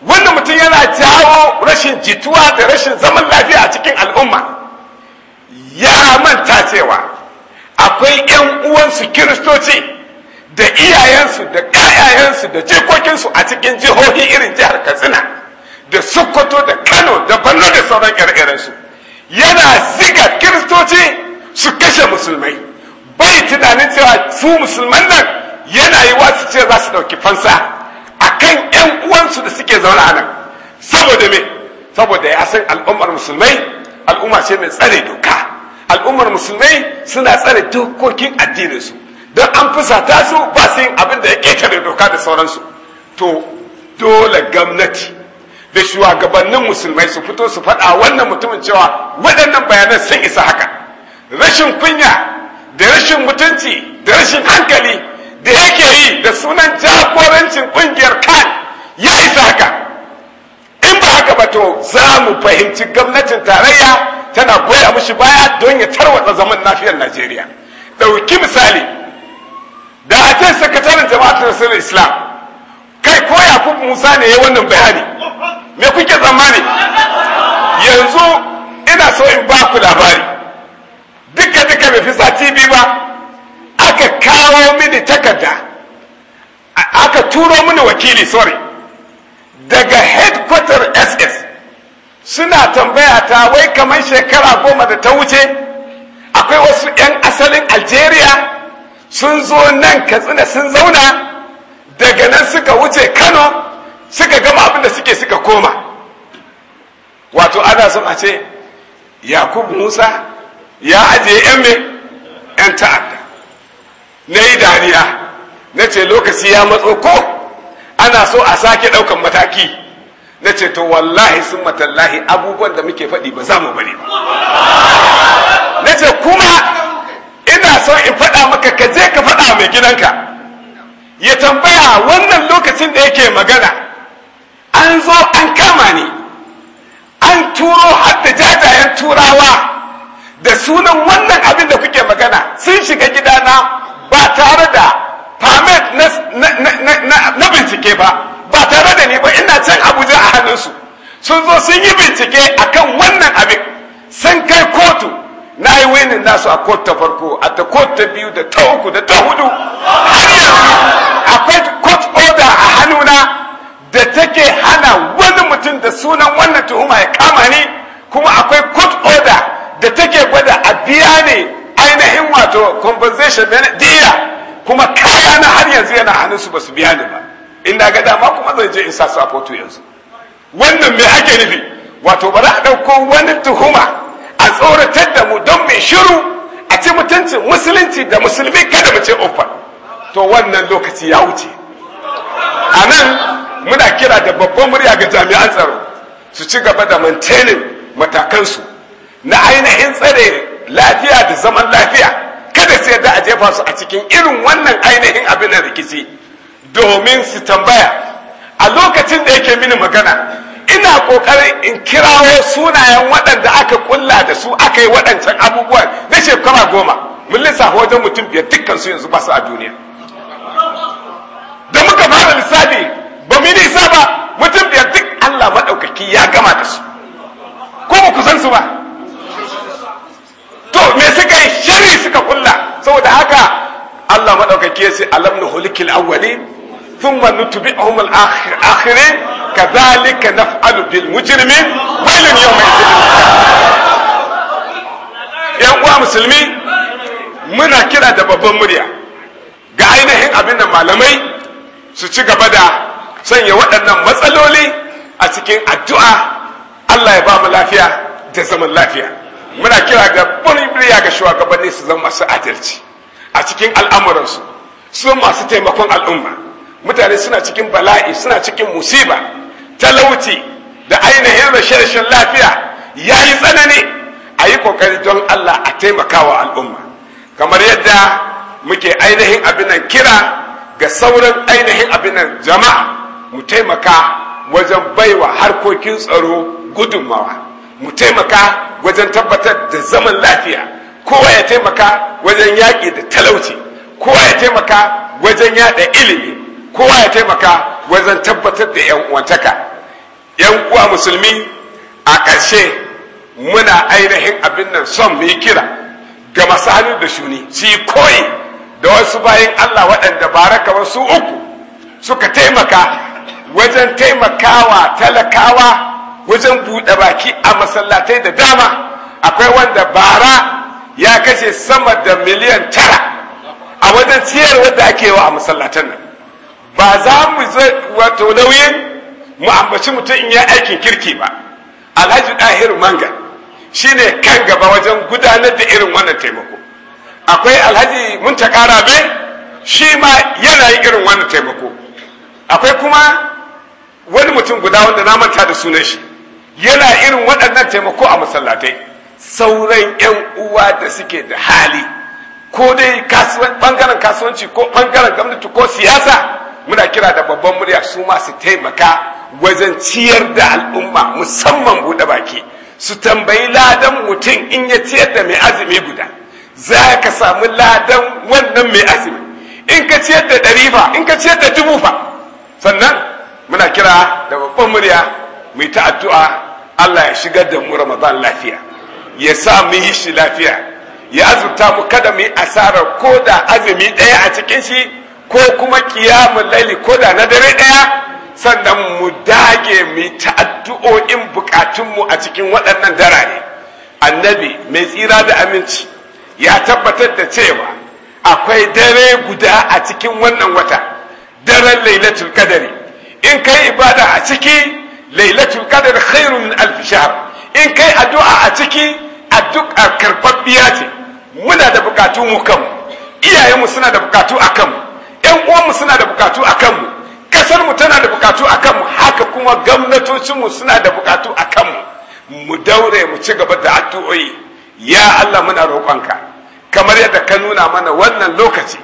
wannan mutum yana jawo rashin jituwa da rashin zaman lafiya a cikin al'umma ya manta cewa akwai 'yan uwansu kiristoci da iyayensu da ƙayayensu da jikokinsu a cikin jihohi irin jihar katsina da sokoto da kano da borno da sauran ƙirƙirinsu yana ziga kiristoci su kashe musulmai bai tunanin cewa su musulman nan yana yi wasu ce za su ɗauki fansa a kan ‘yan uwansu da suke zaune a nan saboda me saboda ya san al'ummar musulmai al'umma ce mai tsare doka al'ummar musulmai suna tsare dokokin addininsu don an fusata su ba su yin abin da ya da doka da sauransu to dole gwamnati da shugabannin musulmai su fito su faɗa wannan mutumin cewa waɗannan bayanan sun isa haka rashin kunya da rashin mutunci da rashin hankali da yake yi da sunan jagorancin ƙungiyar kan ya isa haka in ba haka ba to za mu fahimci gwamnatin tarayya tana goya mushi baya don ya tarwatsa zaman lafiyar najeriya ɗauki misali da a ce sakataren jama'atar sun islam kai ko yakub musa ne ya wannan bayani me kuke tsammani yanzu ina so in ba ku labari duka duka bai fi sati biyu ba aka kawo mini takarda aka turo mini wakili sorry daga headquarter ss suna tambaya ta wai kamar shekara goma da ta wuce akwai wasu 'yan asalin algeria sun zo nan katsina sun zauna daga nan suka wuce kano suka gama abin da suke suka koma wato ana son a ce yakubu musa ya ajiye yan me yan ta'adda na yi dariya na ce lokaci ya matso ko ana so a sake ɗaukan mataki na ce to wallahi sun matallahi abubuwan da muke faɗi ba za mu bari ba na ce kuma ina so in faɗa maka ka je ka faɗa mai gidanka ya tambaya wannan lokacin da yake magana an zo an kama ni an turo har da jajayen turawa da sunan wannan abin da kuke magana sun shiga gidana ba tare da permit na bincike ba ba tare da ni ba ina can abuja a hannunsu sun zo sun yi bincike akan wannan abin sun kai kotu na yi winin nasu a kot ta farko a ta kot ta biyu da ta uku da ta hudu akwai kot order a hannuna da take hana wani mutum da sunan wannan tuhuma ya kama ni kuma akwai kot order da take gwada a biya ne ainihin wato compensation diya kuma kaya na har yanzu yana hannunsu ba su biya ne ba inda ga dama kuma zai je in sa su a yanzu wannan me ake nufi wato ba za a ɗauko wani tuhuma a tsoratar da mu don mai shiru a ci mutuncin musulunci da musulmi kada mu ce to wannan lokaci ya wuce a nan muna kira da babban murya ga jami'an tsaro su ci gaba da mantenin matakansu na ainihin tsare lafiya da zaman lafiya kada sai da a jefa su a cikin irin wannan ainihin abin da rikici domin su tambaya a lokacin da yake mini magana ina ƙoƙarin in kirawo sunayen waɗanda aka kulla da su aka yi waɗancan abubuwan na shekara goma mun lissafa wajen mutum biyar dukkan su yanzu ba su a duniya da muka fara lissafi ba mu nisa ba mutum biyar duk Allah maɗaukaki ya gama da su ko ba ku san su ba to me suka yi shari suka kulla saboda haka Allah maɗaukaki ya ce alam nuhulikil awwalin ثم نتبعهم الآخر آخرين كذلك نفعل بالمجرمين ويل يومئذ yan uwa musulmi muna kira da babban murya ga ainihin abin da malamai su ci gaba da sanya waɗannan matsaloli a cikin addu'a Allah ya ba lafiya da zaman lafiya muna kira ga murya ga shugabanni su zama masu adalci a cikin al'amuransu su masu taimakon al'umma mutane suna cikin bala'i suna cikin musiba talauci da ainihin rashe-rashen lafiya ya yi tsanani a yi kokari don allah a taimaka wa al'umma kamar yadda muke ainihin abinan kira ga sauran ainihin abinan jama'a mu taimaka wajen baiwa harkokin tsaro gudunmawa mu taimaka wajen tabbatar da zaman lafiya kowa ya taimaka wajen yaƙi da talauci kowa ya taimaka wajen yaɗa ilimi kowa ya taimaka wajen tabbatar da yan uwantaka yan uwa musulmi a ƙarshe muna ainihin abin nan son mai kira ga masu da shuni su yi koyi da wasu bayan Allah waɗanda baraka wasu uku suka taimaka wajen taimakawa talakawa wajen buɗe baki a masallatai da dama akwai wanda bara ya kashe sama da miliyan tara a wajen ciyarwa da ake wa a masallatan nan ba za mu zo wato nauyin mu ambaci mutum in ya aikin kirki ba alhaji ɗahir manga shine kan gaba wajen gudanar da irin wannan taimako akwai alhaji muntaka rabe shi ma yana yin irin wannan taimako akwai kuma wani mutum guda wanda na manta da sunan shi yana irin waɗannan taimako a masallatai sauran 'yan uwa da suke da hali ko dai bangaren kasuwanci ko bangaren gwamnati ko siyasa muna kira da babban murya su masu taimaka wajen ciyar da al'umma musamman buɗe baki su tambayi ladan mutum in ya ciyar da mai azumi guda za ka samu ladan wannan mai azumi in ka ciyar da ɗari fa in ka ciyar da dubu fa sannan muna kira da babban murya mu ta addu'a Allah ya shigar da mu Ramadan lafiya ya sa mu yi shi lafiya ya azurta mu kada mu yi asarar ko da azumi ɗaya a cikin shi ko kuma kiyamun laili ko da na dare ɗaya sannan mu dage mu ta'addu'o'in bukatunmu a cikin waɗannan darare annabi mai tsira da aminci ya tabbatar da cewa akwai dare guda a cikin wannan wata daren lailatul kadari in kai ibada a ciki lailatul qadar khairu min alf shahr in kai addu'a a ciki addu'a karbabbiya ce muna da bukatu mu kanmu iyayenmu suna da bukatu a kanmu yan uwanmu suna da bukatu a kanmu ƙasarmu mu tana da bukatu a kanmu haka kuma gwamnatocinmu suna da bukatu a kanmu mu daure mu ci gaba da addu'o'i ya Allah muna roƙonka kamar yadda ka nuna mana wannan lokaci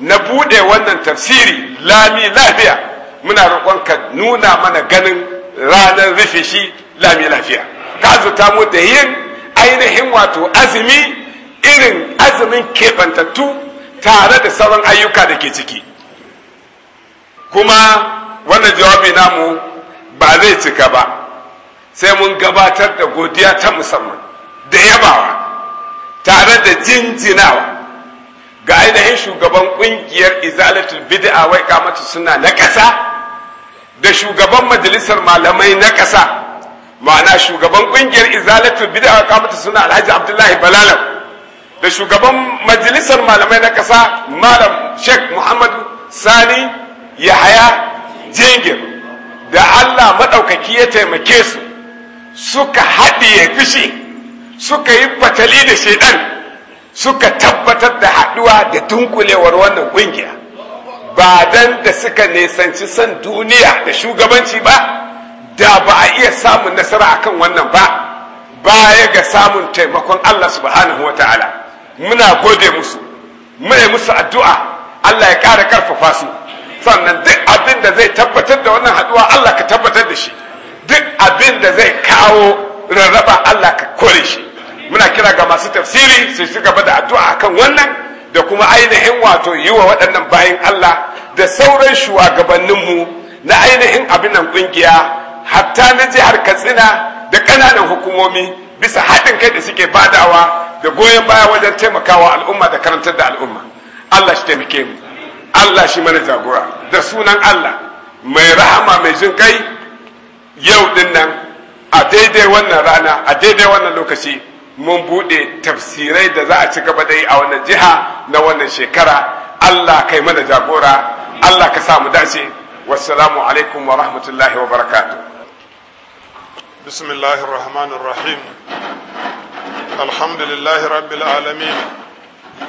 na buɗe wannan tafsiri lami lafiya muna roƙonka nuna mana ganin ranar rufe shi lami lafiya ka zuta mu da yin ainihin wato azumi irin azumin keɓantattu tare da sauran ayyuka da ke ciki kuma wannan jawabi namu ba zai cika ba sai mun gabatar da godiya ta musamman da yabawa tare da jinjinawa ga ainihin shugaban kungiyar izalatul bid'a wai kamata suna na ƙasa da shugaban majalisar malamai na ƙasa ma'ana shugaban kungiyar izalatul bid'a wai kamata suna alhaji abdullahi balalam da shugaban majalisar malamai na ƙasa malam sheikh muhammadu sani yahaya jingir da allah maɗaukaki ya taimake su suka haɗiye fushi suka yi fatali da shaidan suka tabbatar da haɗuwa da dunkulewar wannan ƙungiya ba dan da suka nisanci san duniya da shugabanci ba da ba a iya samun nasara akan wannan ba baya ga samun taimakon Allah subhanahu wa ta'ala muna gode musu mai musu addu'a Allah ya ƙara ƙarfafa su sannan duk abin da zai tabbatar da wannan haduwa Allah ka tabbatar da shi duk abin da zai kawo rarraba Allah ka kore shi muna kira ga masu tafsiri su ci gaba da addu'a akan wannan da kuma ainihin wato yi wa waɗannan bayan Allah da sauran shugabanninmu na ainihin abin nan kungiya hatta na jihar Katsina da ƙananan hukumomi bisa haɗin kai da suke badawa da goyon baya wajen taimakawa al'umma da karantar da al'umma Allah shi taimake mu Allah shi mana jagora da sunan Allah mai rahama mai jin kai yau din nan a daidai wannan rana a daidai wannan lokaci mun bude tafsirai da za a ci gaba da yi a wannan jiha na wannan shekara Allah kai mana jagora Allah ka samu dace wassalamu alaikum wa rahmatullahi wa barakatuh بسم alhamdulillahi الرحمن الرحيم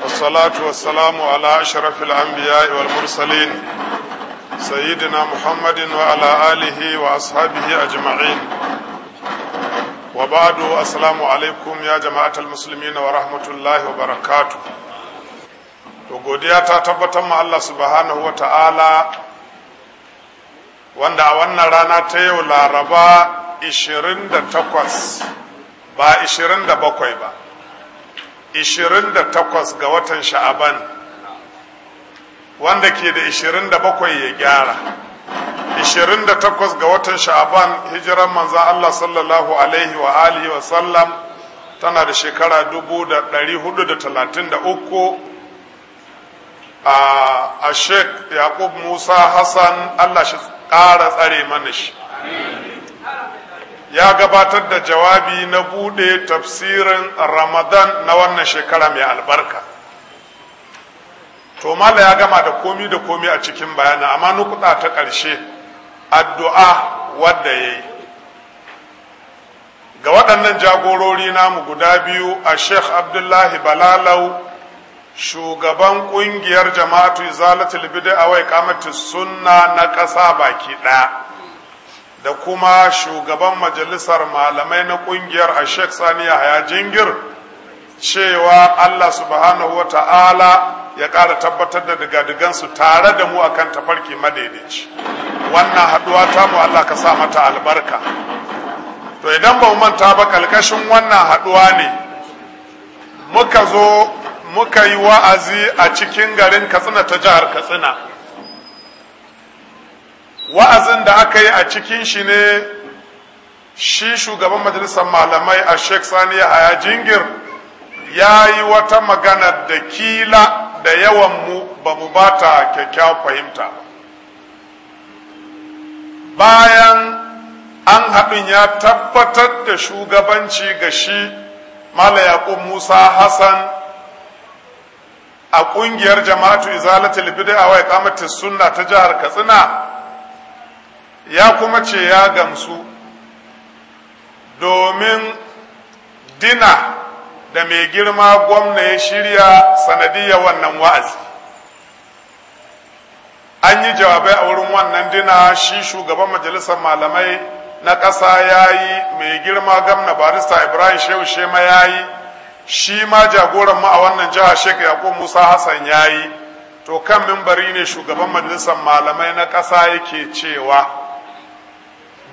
والصلاة والسلام على أشرف الأنبياء والمرسلين سيدنا محمد وعلى آله وأصحابه أجمعين وبعد السلام عليكم يا جماعة المسلمين ورحمة الله وبركاته godiya ta tabbatar ma Allah subhanahu wa ta'ala wanda a wannan rana ta yau laraba 28 ba 27 ba 28 ga watan sha'aban wanda ke da 27 ya gyara 28 ga watan sha'aban hijiran manzan Allah sallallahu alaihi wa alihi wa sallam tana da shekara 433 a sheik yaqub musa hassan Allah shi ƙara tsare mana shi ya gabatar da jawabi na bude tafsirin ramadan na wannan shekara mai albarka to mala ya gama da komi da komi a cikin bayana amma nukuta ta ƙarshe addu'a wadda ya yi ga waɗannan jagorori namu guda biyu a sheikh abdullahi balalau shugaban ƙungiyar jama'atu izalatul bid'a wai iqamatus sunna na ƙasa baki ɗaya da kuma shugaban majalisar malamai na kungiyar a sheikh saniya yahaya jingir cewa allah subhanahu wa ta'ala ya ƙara tabbatar da digadigansu tare da mu akan tafarki madaidaici wannan haduwa ta mu allah ka sa mata albarka to idan ba manta ba ƙarƙashin wannan haduwa ne muka zo muka yi wa'azi a cikin garin katsina ta jihar katsina wa'azin da aka yi a cikin shi ne shi shugaban majalisar malamai a shek sani a jingir ya yi wata magana da kila da yawan mu ba mu ba ta kyakkyawar fahimta bayan an haɗin ya tabbatar da shugabanci ga shi mala yaƙub musa hassan a ƙungiyar jama'atu izalatul a wa iqamatis sunna ta jihar katsina ya kuma ce ya gamsu domin dina da mai girma gwamna ya shirya sanadiyya wannan wa'azi an yi jawabai a wurin wannan dina shi shugaban majalisar malamai na ƙasa ya yi mai girma gamna barista ibrahim shehu shema ya yi shi ma jagoran ma a wannan jiha ya yakub musa hassan ya yi to kan mimbari ne shugaban majalisar malamai na ƙasa yake cewa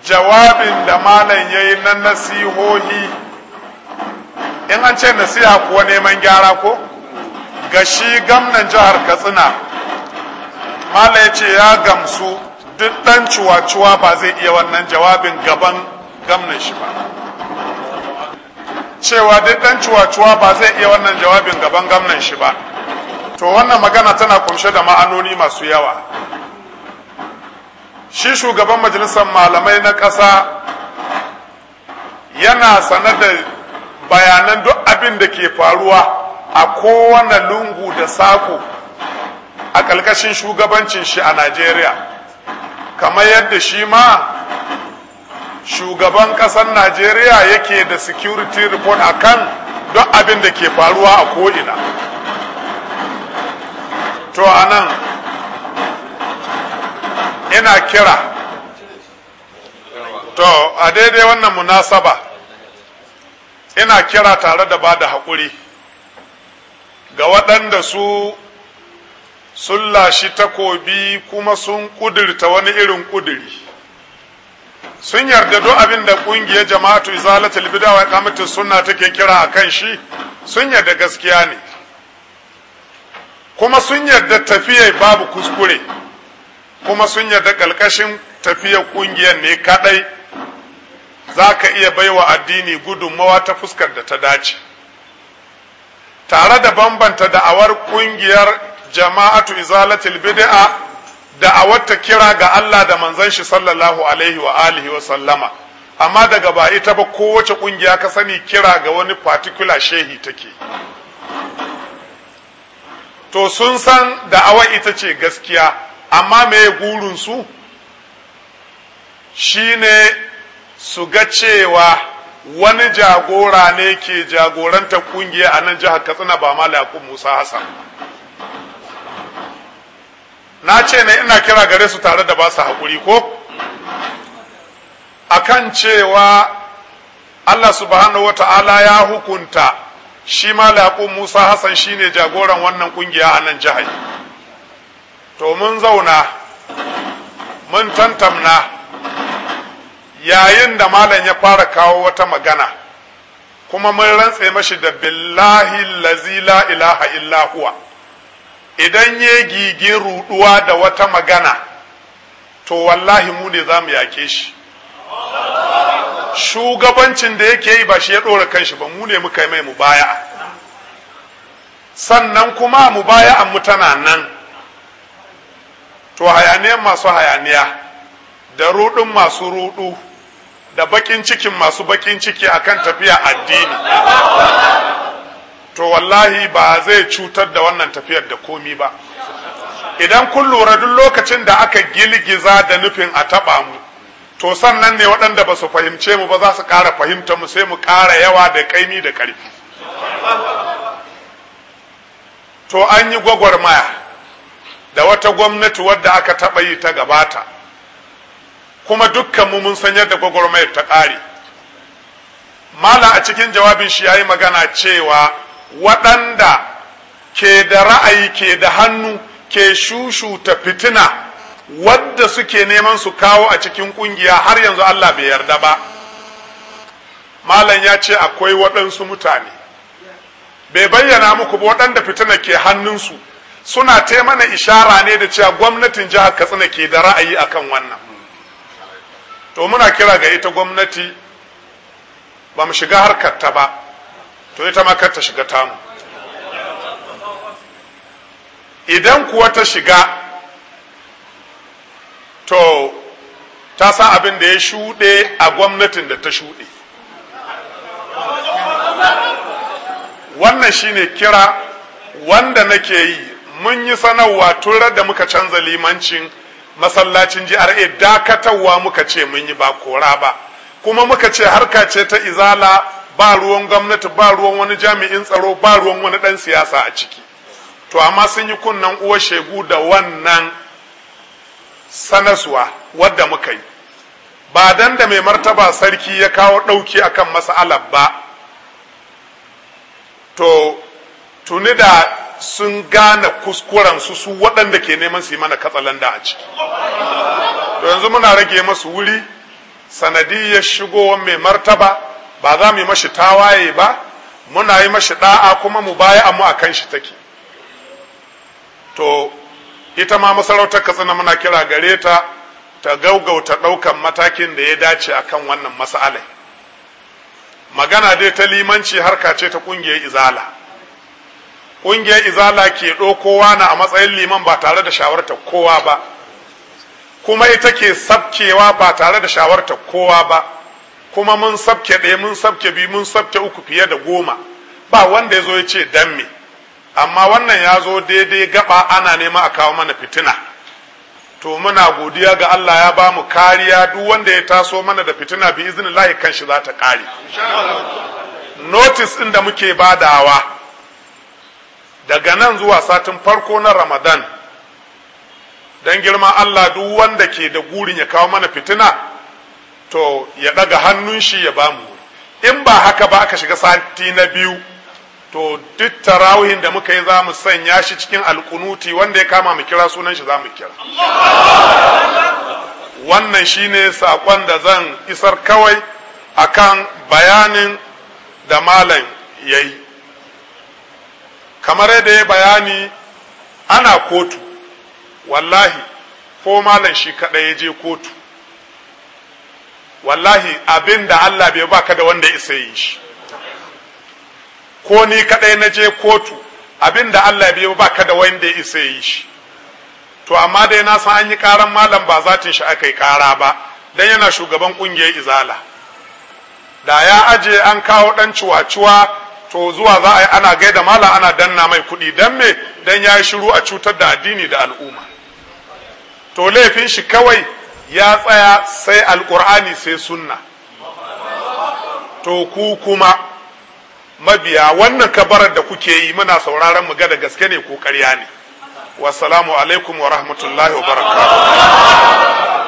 jawabin da malam ya yi na nasihohi in an ce nasiha kuwa neman gyara ko ga shi gamnan jihar katsina malam ya ce ya gamsu duk dan cuwa-cuwa ba zai iya wannan jawabin gaban gamnan shi ba cewa duk dan cuwa-cuwa ba zai iya wannan jawabin gaban gamnan shi ba to wannan magana tana kunshe da ma'anoni masu yawa shi shugaban majalisar malamai na ƙasa yana sane da bayanan duk abin da ke faruwa a kowane lungu da sako a ƙarƙashin shugabancin shi a najeriya kamar yadda shi ma shugaban ƙasar najeriya yake da security report a kan duk abin da ke faruwa a ko'ina to anan. ina kira to a daidai wannan munasaba ina kira tare da ba da haƙuri ga waɗanda su sun lashi takobi kuma sun ƙudurta wani irin ƙuduri sun yarda duk abin da ƙungiyar jama'atu izalatul talibida wa iqamatus sunna take kira a kan shi sun yarda gaskiya ne kuma sun yarda tafiya babu kuskure kuma sun yarda ƙalƙashin tafiyar ƙungiyar ne kaɗai za ka iya baiwa addini gudunmawa ta fuskar da ta dace tare da bambanta da'awar ƙungiyar jama'atu izalatul bid'a da'awar ta kira ga Allah da manzon shi sallallahu alaihi wa alihi wa sallama amma daga ba ita ba kowace ƙungiya ka sani kira ga wani particular shehi take to sun san da'awar ita ce gaskiya amma me gurinsu shi ne su ga cewa wani jagora ne ke jagoranta kungiya a nan jihar katsina ba malakun musa hassan na ce ne ina kira gare su tare da ba su haƙuri ko akan cewa allah subhanahu wa ta'ala ya hukunta shi malakun musa hassan shine jagoran wannan kungiya a nan jihar to mun zauna mun tantamna yayin da malam ya fara kawo wata magana kuma mun rantse mashi da billahi lazi la ilaha illa huwa idan ya gigin ruduwa da wata magana to wallahi mu ne zamu mu yake shi shugabancin da yake yi ba shi ya ɗora kanshi ba mu ne muka yi mai baya. sannan kuma mu baya a mutana nan to hayaniyan masu hayaniya da rudun masu rudu da bakin cikin masu bakin ciki akan tafiya addini to wallahi ba zai cutar da wannan tafiyar da komi ba idan kun lura duk lokacin da aka gilgiza da nufin a taba mu to sannan ne waɗanda ba su fahimce mu ba za su ƙara fahimta mu sai mu ƙara yawa da ƙaimi da ƙarfi to an yi gwagwarmaya da wata gwamnati wadda aka taɓa yi ta gabata kuma dukkan mu mun san yadda gwagwarmayar ta ƙare mala a cikin jawabin shi ya yi magana cewa waɗanda ke da ra'ayi ke da hannu ke shushuta fitina wadda suke neman su kawo a cikin ƙungiya har yanzu allah bai yarda ba malam ya ce akwai waɗansu mutane bai bayyana muku ba waɗanda fitina ke hannunsu suna ta mana ishara ne da cewa gwamnatin jihar katsina ke da ra'ayi akan wannan to muna kira ga ita gwamnati ba mu shiga harkar ta ba to ita ma kar ta shiga tamu idan kuwa ta shiga to ta san abin da ya shuɗe a gwamnatin da ta shuɗe wannan shine kira wanda nake yi mun yi sanarwa turar da muka canza limancin masallacin GRA dakatarwa muka ce mun yi ba kora ba kuma muka ce harka ce ta izala ba ruwan gwamnati ba ruwan wani jami'in tsaro ba ruwan wani ɗan siyasa a ciki to amma sun yi kunnan uwa shegu da wannan sanaswa wadda muka yi ba dan da mai martaba sarki ya kawo ɗauki akan mas'alar ba to tuni da sun gane kuskurensu su waɗanda ke neman su yi mana katsalan da a ciki to yanzu muna rage masu wuri sanadiyar shigowar mai martaba ba za mu yi mashi tawaye ba muna yi mashi ɗa'a kuma mu baya amma a kan shi take to ita ma masarautar katsina muna kira gare ta ta gaugauta ɗaukan matakin da ya dace akan wannan mas'alai magana dai ta limanci harka ce ta ƙungiyar izala ƙungiyar izala ke kowa na a matsayin liman ba tare da shawartar kowa ba kuma ita ke sabkewa ba tare da shawartar kowa ba kuma mun sabke ɗaya mun sabke biyu mun sabke uku fiye da goma ba wanda ya zo ya ce dan me amma wannan ya zo daidai gaba ana nema a kawo mana fitina to muna godiya ga Allah ya bamu kariya duk wanda ya taso mana da fitina bi izini kan shi za ta kare notice ɗin da muke badawa daga nan zuwa satin farko na ramadan don girma allah duk wanda ke da gurin ya kawo mana fitina to ya daga hannun shi ya bamu in ba haka ba aka shiga sati na biyu to duk tarawihin da muka yi za mu sanya shi cikin alkunuti wanda ya kama mu kira sunan shi za mu kira wannan shine saƙon da zan isar kawai akan bayanin da malam ya yi kamar yadda ya bayani ana kotu wallahi ko malam shi kaɗai ya je kotu wallahi abin da Allah bai baka da wanda isa yi shi ko ni kaɗai na je kotu abin da Allah bai baka da wanda isa yi shi to amma dai na san an yi karan malam ba zatin shi aka yi kara ba dan yana shugaban ƙungiyar izala da ya aje an kawo dan ciwa to zuwa za a yi ana gaida mala ana danna mai kuɗi dan me dan ya yi shiru a cutar da addini da al'umma to laifin shi kawai ya tsaya sai alkur'ani sai sunna to ku kuma mabiya wannan kabarar da kuke yi muna sauraron mu ga da gaske ne ko ƙarya ne wassalamu alaikum wa rahmatullahi wa barakatuh